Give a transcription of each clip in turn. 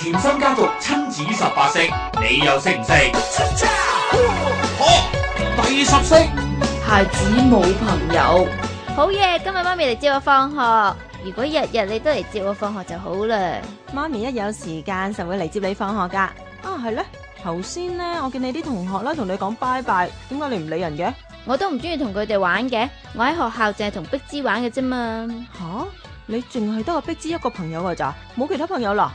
甜心家族親子十八式，你又識唔識？第十式，孩子冇朋友。好嘢！今日媽咪嚟接我放學。如果日日你都嚟接我放學就好啦。媽咪一有時間就會嚟接你放學噶。啊，係咧。頭先咧，我見你啲同學啦，同你講拜拜，點解你唔理人嘅？我都唔中意同佢哋玩嘅。我喺學校淨係同碧芝玩嘅啫嘛。吓、啊，你淨係得個碧芝一個朋友噶咋？冇其他朋友嗱？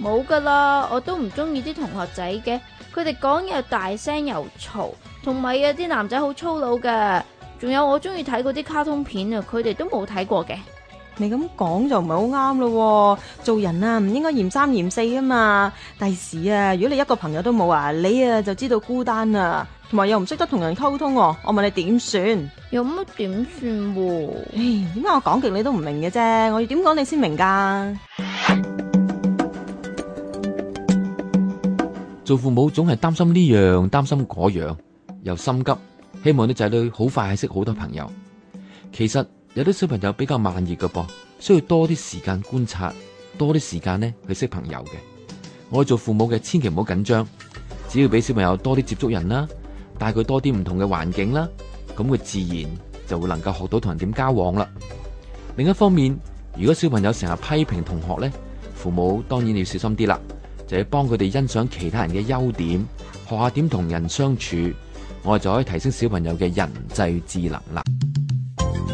冇噶啦，我都唔中意啲同學仔嘅，佢哋講嘢大聲又嘈，同埋有啲男仔好粗魯嘅，仲有我中意睇嗰啲卡通片啊，佢哋都冇睇過嘅。你咁講就唔係好啱咯，做人啊唔應該嫌三嫌四啊嘛。第時啊，如果你一個朋友都冇啊，你啊就知道孤單啦，同埋又唔識得同人溝通。我問你點算？有乜點算？唉，點解我講極你都唔明嘅啫？我要點講你先明噶？做父母總係擔心呢樣，擔心嗰樣，又心急，希望啲仔女好快係識好多朋友。其實有啲小朋友比較慢熱嘅噃，需要多啲時間觀察，多啲時間咧去識朋友嘅。我哋做父母嘅千祈唔好緊張，只要俾小朋友多啲接觸人啦，帶佢多啲唔同嘅環境啦，咁佢自然就會能夠學到同人點交往啦。另一方面，如果小朋友成日批評同學咧，父母當然要小心啲啦。就係幫佢哋欣賞其他人嘅優點，學下點同人相處，我就可以提升小朋友嘅人際智能啦。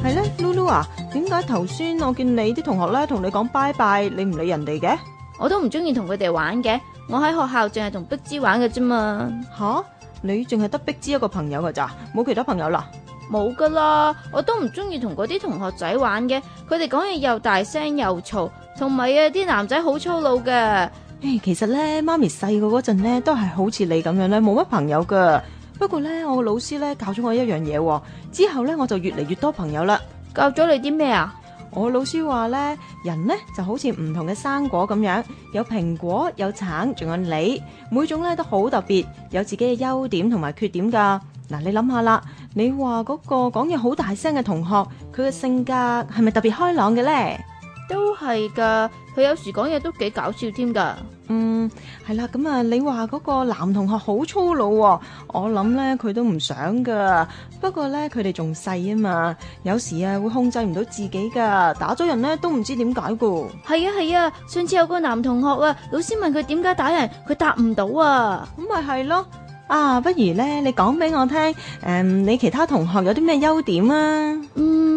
係咧，Lulu 啊，點解頭先我見你啲同學咧同你講拜拜，你唔理人哋嘅？我都唔中意同佢哋玩嘅。我喺學校淨係同碧芝玩嘅啫嘛。吓？啊，你淨係得碧芝一個朋友噶咋？冇其他朋友啦？冇噶啦，我都唔中意同嗰啲同學仔玩嘅。佢哋講嘢又大聲又嘈，同埋啊，啲男仔好粗魯嘅。其實咧，媽咪細個嗰陣咧，都係好似你咁樣咧，冇乜朋友噶。不過咧，我老師咧教咗我一樣嘢，之後咧我就越嚟越多朋友啦。教咗你啲咩啊？我老師話咧，人咧就好似唔同嘅生果咁樣，有蘋果，有橙，仲有梨，每種咧都好特別，有自己嘅優點同埋缺點噶。嗱，你諗下啦，你話嗰個講嘢好大聲嘅同學，佢嘅性格係咪特別開朗嘅咧？都係噶，佢有時講嘢都幾搞笑添噶。嗯，係啦，咁啊，你話嗰個男同學好粗魯，哦，我諗呢，佢都唔想噶。不過呢，佢哋仲細啊嘛，有時啊會控制唔到自己噶，打咗人呢都唔知點解噶。係啊係啊，上次有個男同學啊，老師問佢點解打人，佢答唔到啊。咁咪係咯。啊，不如呢，你講俾我聽，誒，嗯，你其他同學有啲咩優點啊？嗯。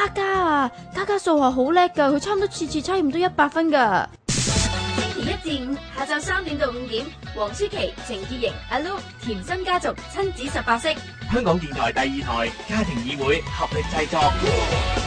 嘉嘉啊，嘉嘉數學好叻㗎，佢差唔多次次差唔多一百分㗎。星期一至五下晝三點到五點，黃舒淇、程潔瑩、Alu、甜心家族、親子十八式，香港電台第二台家庭議會合力製作。